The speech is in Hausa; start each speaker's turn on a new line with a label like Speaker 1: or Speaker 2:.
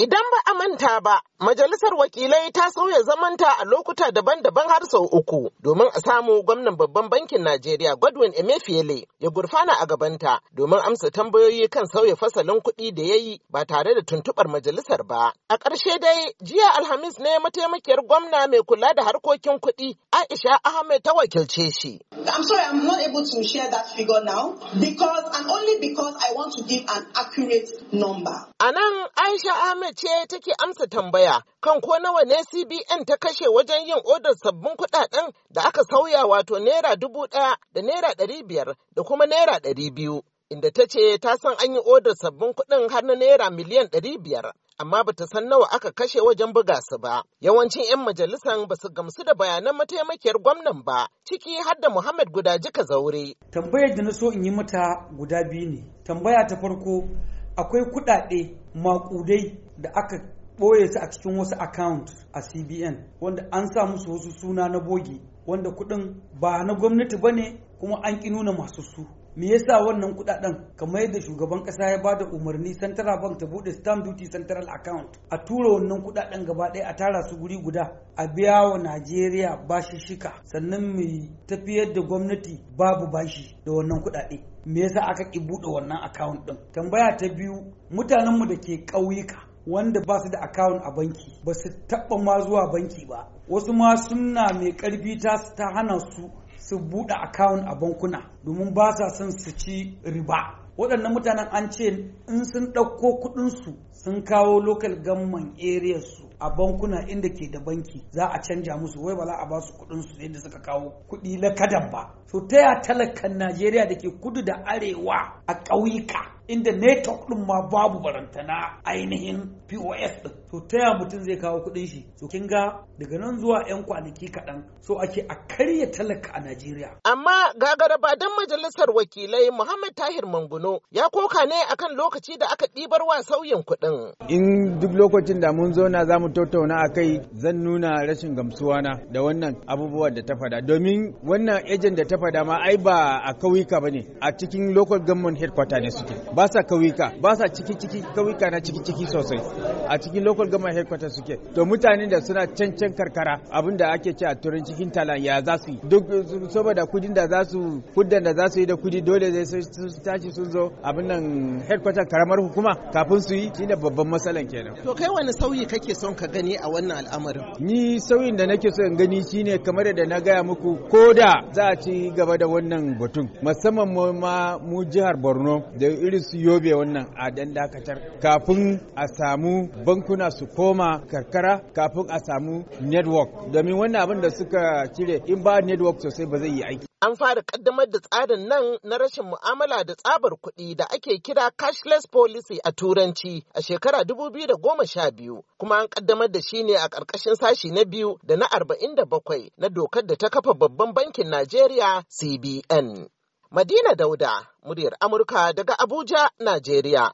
Speaker 1: Idan ba a manta ba, Majalisar Wakilai ta sauya zamanta a lokuta daban-daban har sau uku domin a samu gwamnan babban bankin Najeriya Godwin Emefiele ya gurfana a gabanta domin amsa tambayoyi kan sauya fasalin kuɗi da ya yi ba tare da tuntuɓar majalisar ba. A ƙarshe dai, jiya Alhamis ne mataimakiyar gwamna mai kula da harkokin kuɗi Aisha Ahmed ta wakilce shi. I'm sorry, I'm not able to share that figure now because and only because I want to give an accurate number. anan Aisha Ahmed ce take amsa tambaya kan ko nawa ne CBN ta kashe wajen yin odar sabbin kuɗaɗen da aka sauya wato naira dubu ɗaya da naira ɗari biyar da kuma naira ɗari biyu. inda ta ce ta san an yi odar sabbin kuɗin har na naira miliyan ɗari biyar. amma ta san nawa aka kashe wajen buga su ba. Yawancin 'yan majalisan ba su gamsu da bayanan mataimakiyar gwamnan ba,
Speaker 2: ciki har da Muhammad guda jika zaure. Tambayar da na so in yi mata guda biyu ne. Tambaya ta farko akwai kuɗaɗe maƙudai da aka ɓoye su a cikin wasu account a CBN wanda an sa musu wasu suna na bogi wanda kuɗin ba na gwamnati ba ne kuma an ƙi nuna masu su. me yasa wannan kudaden kamar yadda shugaban kasa ya bada umarni central bank ta bude stamp duty central account a tura wannan kudaden gaba ɗaya a tara su guri guda a biya wa najeriya bashi shika sannan mu tafiyar da gwamnati babu bashi da wannan kudade me yasa aka ki bude wannan account din tambaya ta biyu mutanenmu da ke kauyuka wanda ba su da account a banki ba su taɓa ma zuwa banki ba wasu ma suna mai karfi ta hana su su buɗe account a bankuna domin ba sa son su ci riba waɗannan mutanen an ce in sun ɗauko kuɗinsu sun kawo local gamman area su a bankuna inda ke da banki za a canja musu wai ba za a ba su kuɗin su suka kawo kuɗi lakadan ba so ta ya talakan najeriya da ke kudu da arewa a ƙauyuka inda network din ma babu barantana ainihin POS din to taya mutum zai kawo kuɗin shi to kin ga daga nan zuwa 'yan kwanaki kaɗan so ake a karya talaka a Najeriya.
Speaker 1: Amma gagarabadan majalisar wakilai Muhammad Tahir Manguno ya koka ne akan lokaci da aka ɗibar wa sauyin kuɗin.
Speaker 2: In
Speaker 3: duk lokacin da mun zo za mu tattauna a kai zan nuna rashin gamsuwa na da wannan abubuwan da ta fada domin wannan ejen da ta fada ma ai ba a kauyuka ba ne a cikin local government headquarter ne suke. ba sa kawika ba sa ciki ciki kawika na ciki ciki sosai a cikin local government headquarters suke to mutanen da suna can can karkara abin da ake ce a turanci hinterland ya za su yi duk saboda kudin da za su kudin da za su yi da kudi dole zai su tashi sun zo abin nan headquarters karamar hukuma kafin su yi shine babban matsalan kenan
Speaker 1: to kai wani sauyi kake son ka gani a wannan al'amarin
Speaker 3: ni sauyin da nake so in gani shine kamar yadda na gaya muku ko da za a ci gaba da wannan batun musamman ma mu jihar Borno da irin su yobe wannan a dan dakatar kafin a samu bankuna su koma karkara kafin a samu network domin wannan abin da suka cire in ba network sosai ba zai yi aiki
Speaker 1: an fara kaddamar da tsarin nan na rashin mu'amala da tsabar kuɗi da ake kira cashless policy a turanci a shekara 2012 kuma an kaddamar da shi ne a ƙarƙashin sashi na biyu da na 47 na dokar da ta kafa babban bankin Najeriya CBN. Madina Dauda, muryar Amurka daga Abuja, Najeriya.